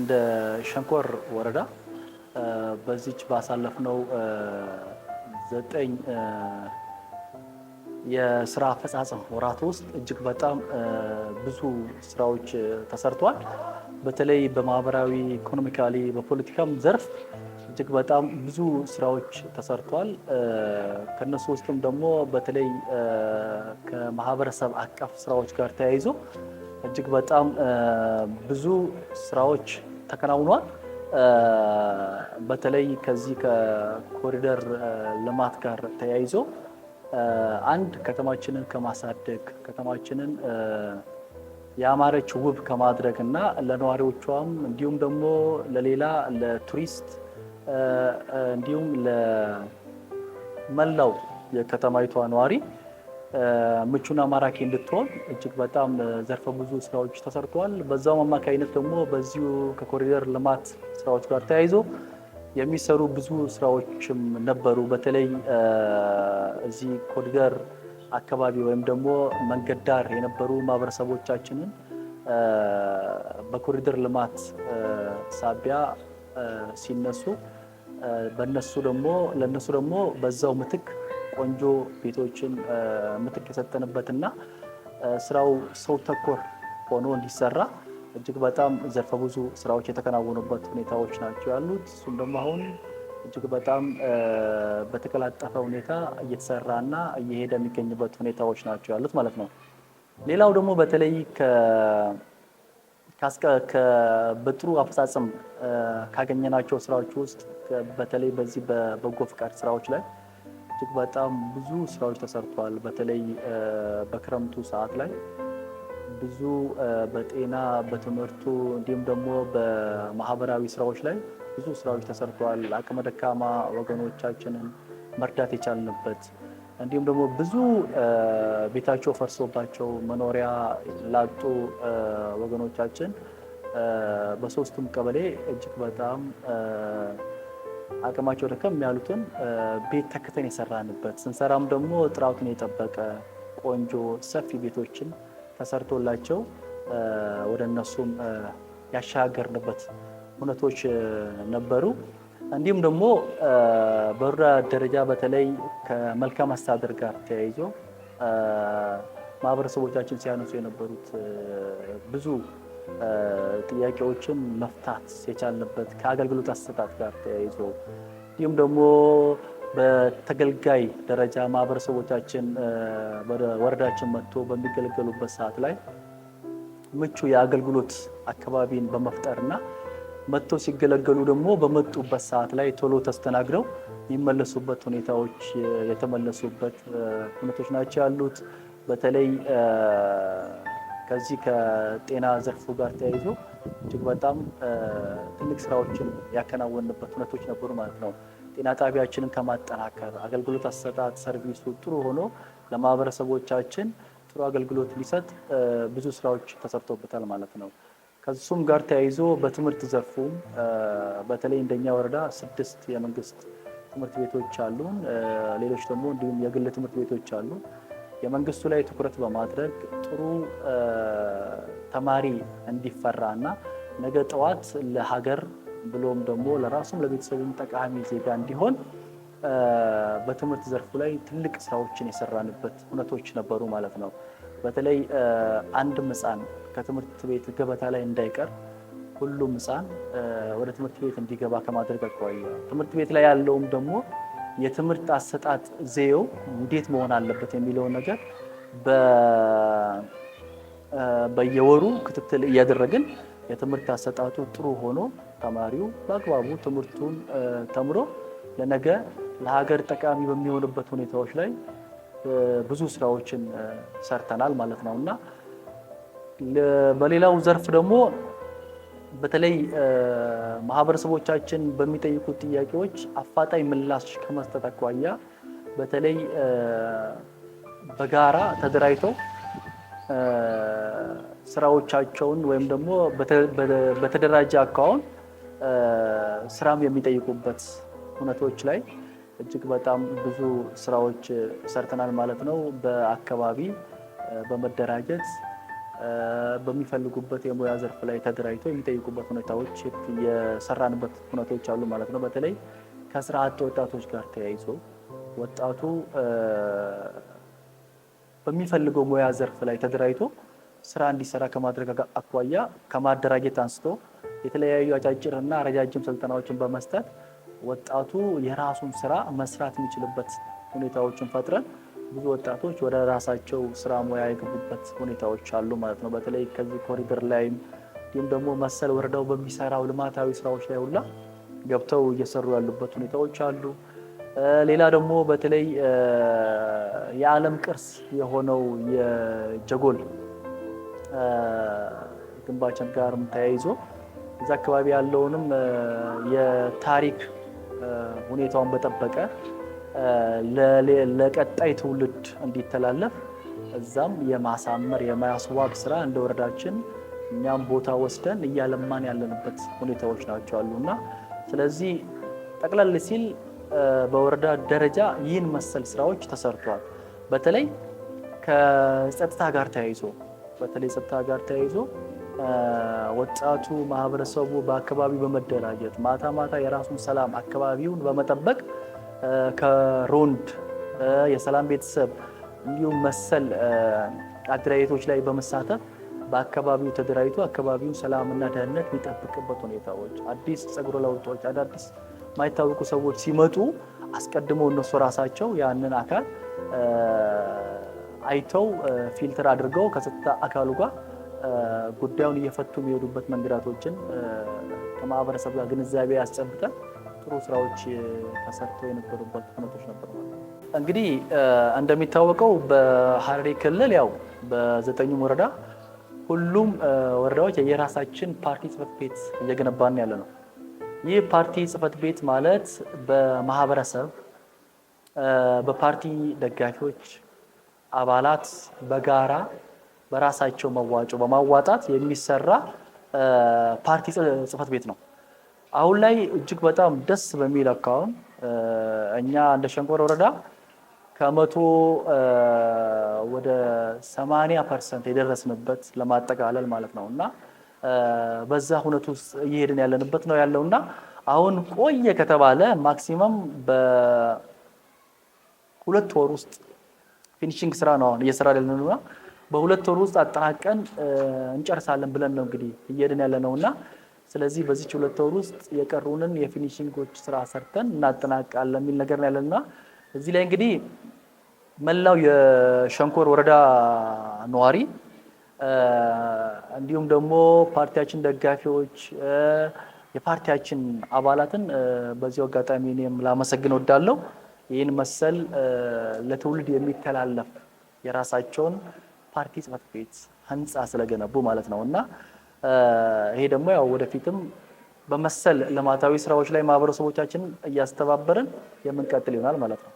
እንደ ሸንኮር ወረዳ በዚች ባሳለፍነው ዘጠኝ የስራ አፈጻጸም ወራት ውስጥ እጅግ በጣም ብዙ ስራዎች ተሰርተዋል። በተለይ በማህበራዊ ኢኮኖሚካሊ፣ በፖለቲካም ዘርፍ እጅግ በጣም ብዙ ስራዎች ተሰርተዋል። ከነሱ ውስጥም ደግሞ በተለይ ከማህበረሰብ አቀፍ ስራዎች ጋር ተያይዞ እጅግ በጣም ብዙ ስራዎች ተከናውኗል። በተለይ ከዚህ ከኮሪደር ልማት ጋር ተያይዞ አንድ ከተማችንን ከማሳደግ ከተማችንን የአማረች ውብ ከማድረግ እና ለነዋሪዎቿም እንዲሁም ደግሞ ለሌላ ለቱሪስት እንዲሁም ለመላው የከተማይቷ ነዋሪ ምቹና ማራኪ እንድትሆን እጅግ በጣም ዘርፈ ብዙ ስራዎች ተሰርተዋል። በዛውም አማካኝነት ደግሞ በዚሁ ከኮሪደር ልማት ስራዎች ጋር ተያይዞ የሚሰሩ ብዙ ስራዎችም ነበሩ። በተለይ እዚህ ኮሪደር አካባቢ ወይም ደግሞ መንገድ ዳር የነበሩ ማህበረሰቦቻችንን በኮሪደር ልማት ሳቢያ ሲነሱ በነሱ ደግሞ ለእነሱ ደግሞ በዛው ምትክ ቆንጆ ቤቶችን ምትክ የሰጠንበትና ስራው ሰው ተኮር ሆኖ እንዲሰራ እጅግ በጣም ዘርፈ ብዙ ስራዎች የተከናወኑበት ሁኔታዎች ናቸው ያሉት። እሱም ደግሞ አሁን እጅግ በጣም በተቀላጠፈ ሁኔታ እየተሰራና እየሄደ የሚገኝበት ሁኔታዎች ናቸው ያሉት ማለት ነው። ሌላው ደግሞ በተለይ በጥሩ አፈጻጸም ካገኘናቸው ስራዎች ውስጥ በተለይ በዚህ በበጎ ፍቃድ ስራዎች ላይ እጅግ በጣም ብዙ ስራዎች ተሰርተዋል። በተለይ በክረምቱ ሰዓት ላይ ብዙ በጤና በትምህርቱ እንዲሁም ደግሞ በማህበራዊ ስራዎች ላይ ብዙ ስራዎች ተሰርተዋል። አቅመ ደካማ ወገኖቻችንን መርዳት የቻልንበት እንዲሁም ደግሞ ብዙ ቤታቸው ፈርሶባቸው መኖሪያ ላጡ ወገኖቻችን በሶስቱም ቀበሌ እጅግ በጣም አቅማቸው ደከም ያሉትን ቤት ተክተን የሰራንበት ስንሰራም ደግሞ ጥራቱን የጠበቀ ቆንጆ ሰፊ ቤቶችን ተሰርቶላቸው ወደ እነሱም ያሻገርንበት እውነቶች ነበሩ። እንዲሁም ደግሞ በሩዳ ደረጃ በተለይ ከመልካም አስተዳደር ጋር ተያይዞ ማህበረሰቦቻችን ሲያነሱ የነበሩት ብዙ ጥያቄዎችን መፍታት የቻልንበት ከአገልግሎት አሰጣጥ ጋር ተያይዞ እንዲሁም ደግሞ በተገልጋይ ደረጃ ማህበረሰቦቻችን ወደ ወረዳችን መጥቶ በሚገለገሉበት ሰዓት ላይ ምቹ የአገልግሎት አካባቢን በመፍጠርና መጥቶ ሲገለገሉ ደግሞ በመጡበት ሰዓት ላይ ቶሎ ተስተናግደው የሚመለሱበት ሁኔታዎች የተመለሱበት ሁኔታዎች ናቸው ያሉት። በተለይ ከዚህ ከጤና ዘርፉ ጋር ተያይዞ እጅግ በጣም ትልቅ ስራዎችን ያከናወንበት ሁነቶች ነበሩ ማለት ነው። ጤና ጣቢያችንን ከማጠናከር አገልግሎት አሰጣጥ ሰርቪሱ ጥሩ ሆኖ ለማህበረሰቦቻችን ጥሩ አገልግሎት ሊሰጥ ብዙ ስራዎች ተሰርቶበታል ማለት ነው። ከሱም ጋር ተያይዞ በትምህርት ዘርፉም በተለይ እንደኛ ወረዳ ስድስት የመንግስት ትምህርት ቤቶች አሉን። ሌሎች ደግሞ እንዲሁም የግል ትምህርት ቤቶች አሉ። የመንግስቱ ላይ ትኩረት በማድረግ ጥሩ ተማሪ እንዲፈራ እና ነገ ጠዋት ለሀገር ብሎም ደግሞ ለራሱም ለቤተሰቡም ጠቃሚ ዜጋ እንዲሆን በትምህርት ዘርፉ ላይ ትልቅ ስራዎችን የሰራንበት እውነቶች ነበሩ ማለት ነው። በተለይ አንድም ህፃን ከትምህርት ቤት ገበታ ላይ እንዳይቀር ሁሉም ህፃን ወደ ትምህርት ቤት እንዲገባ ከማድረግ አኳያ ትምህርት ቤት ላይ ያለውም ደግሞ የትምህርት አሰጣጥ ዜው እንዴት መሆን አለበት የሚለውን ነገር በየወሩ ክትትል እያደረግን የትምህርት አሰጣጡ ጥሩ ሆኖ ተማሪው በአግባቡ ትምህርቱን ተምሮ ለነገ ለሀገር ጠቃሚ በሚሆንበት ሁኔታዎች ላይ ብዙ ስራዎችን ሰርተናል ማለት ነው እና በሌላው ዘርፍ ደግሞ በተለይ ማህበረሰቦቻችን በሚጠይቁት ጥያቄዎች አፋጣኝ ምላሽ ከመስጠት አኳያ በተለይ በጋራ ተደራጅተው ስራዎቻቸውን ወይም ደግሞ በተደራጀ አካውን ስራም የሚጠይቁበት እውነቶች ላይ እጅግ በጣም ብዙ ስራዎች ሰርተናል ማለት ነው። በአካባቢ በመደራጀት በሚፈልጉበት የሙያ ዘርፍ ላይ ተደራጅተው የሚጠይቁበት ሁኔታዎች የሰራንበት ሁኔታዎች አሉ ማለት ነው። በተለይ ከስራ አጥ ወጣቶች ጋር ተያይዞ ወጣቱ በሚፈልገው ሙያ ዘርፍ ላይ ተደራጅቶ ስራ እንዲሰራ ከማድረግ አኳያ ከማደራጀት አንስቶ የተለያዩ አጫጭር እና ረጃጅም ስልጠናዎችን በመስጠት ወጣቱ የራሱን ስራ መስራት የሚችልበት ሁኔታዎችን ፈጥረን ብዙ ወጣቶች ወደ ራሳቸው ስራ ሙያ የገቡበት ሁኔታዎች አሉ ማለት ነው። በተለይ ከዚህ ኮሪደር ላይም እንዲሁም ደግሞ መሰል ወረዳው በሚሰራው ልማታዊ ስራዎች ላይ ሁላ ገብተው እየሰሩ ያሉበት ሁኔታዎች አሉ። ሌላ ደግሞ በተለይ የዓለም ቅርስ የሆነው የጀጎል ግንባቸን ጋርም ተያይዞ እዛ አካባቢ ያለውንም የታሪክ ሁኔታውን በጠበቀ ለቀጣይ ትውልድ እንዲተላለፍ እዛም የማሳመር የማያስዋብ ስራ እንደ ወረዳችን እኛም ቦታ ወስደን እያለማን ያለንበት ሁኔታዎች ናቸው እና ስለዚህ ጠቅለል ሲል በወረዳ ደረጃ ይህን መሰል ስራዎች ተሰርተዋል። በተለይ ከጸጥታ ጋር ተያይዞ በተለይ ጸጥታ ጋር ተያይዞ ወጣቱ ማህበረሰቡ በአካባቢው በመደራጀት ማታ ማታ የራሱን ሰላም አካባቢውን በመጠበቅ ከሮንድ የሰላም ቤተሰብ እንዲሁም መሰል አደራጀቶች ላይ በመሳተፍ በአካባቢው ተደራጅቶ አካባቢውን ሰላምና ደህንነት የሚጠብቅበት ሁኔታዎች፣ አዲስ ጸጉረ ለውጦች፣ አዳዲስ የማይታወቁ ሰዎች ሲመጡ አስቀድሞ እነሱ ራሳቸው ያንን አካል አይተው ፊልተር አድርገው ከጸጥታ አካሉ ጋር ጉዳዩን እየፈቱ የሚሄዱበት መንገዳቶችን ከማህበረሰብ ጋር ግንዛቤ ያስጨብጠን ጥሩ ስራዎች ተሰርተው የነበሩበት ሁነቶች ነበሩ። እንግዲህ እንደሚታወቀው በሀረሪ ክልል ያው በዘጠኙም ወረዳ ሁሉም ወረዳዎች የራሳችን ፓርቲ ጽህፈት ቤት እየገነባን ያለ ነው። ይህ ፓርቲ ጽህፈት ቤት ማለት በማህበረሰብ በፓርቲ ደጋፊዎች አባላት በጋራ በራሳቸው መዋጮ በማዋጣት የሚሰራ ፓርቲ ጽህፈት ቤት ነው። አሁን ላይ እጅግ በጣም ደስ በሚል አካውን እኛ እንደ ሸንኮር ወረዳ ከመቶ ወደ 80 ፐርሰንት የደረስንበት ለማጠቃለል ማለት ነው እና በዛ ሁነት ውስጥ እየሄድን ያለንበት ነው ያለው እና አሁን ቆየ ከተባለ ማክሲመም በሁለት ወር ውስጥ ፊኒሽንግ ስራ ነው አሁን እየሰራ ያለንና በሁለት ወር ውስጥ አጠናቀን እንጨርሳለን ብለን ነው እንግዲህ እየሄድን ያለ ነው እና ስለዚህ በዚች ሁለት ወር ውስጥ የቀሩንን የፊኒሽንጎች ስራ ሰርተን እናጠናቃለን የሚል ነገር ነው ያለና እዚህ ላይ እንግዲህ መላው የሸንኮር ወረዳ ነዋሪ እንዲሁም ደግሞ ፓርቲያችን ደጋፊዎች የፓርቲያችን አባላትን በዚሁ አጋጣሚ እኔም ላመሰግን ወዳለው ይህን መሰል ለትውልድ የሚተላለፍ የራሳቸውን ፓርቲ ጽፈት ቤት ህንፃ ስለገነቡ ማለት ነው እና ይሄ ደግሞ ያው ወደፊትም በመሰል ልማታዊ ስራዎች ላይ ማህበረሰቦቻችንን እያስተባበርን የምንቀጥል ይሆናል ማለት ነው።